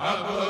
ab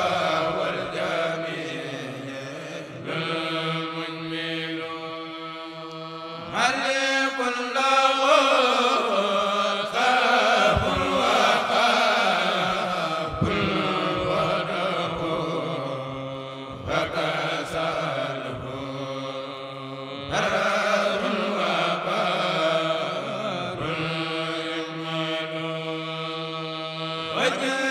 Akbar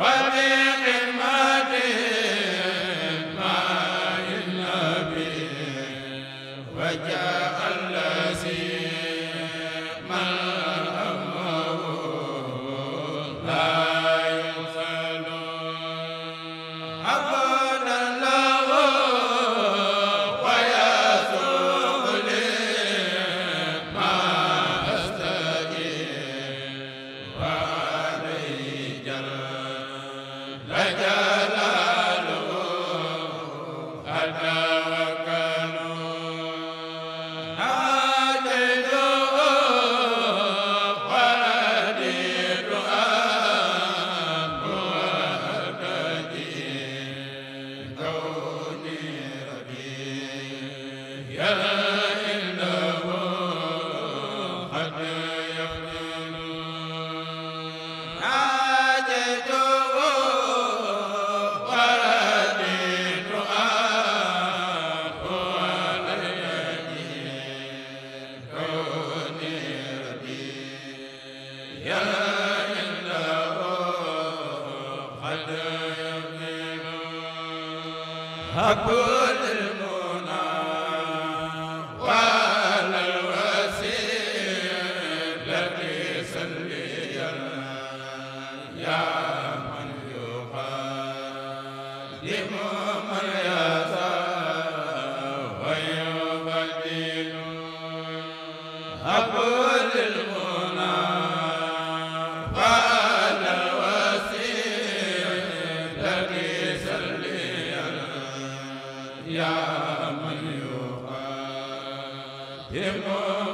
wali yaa man yuqaatimu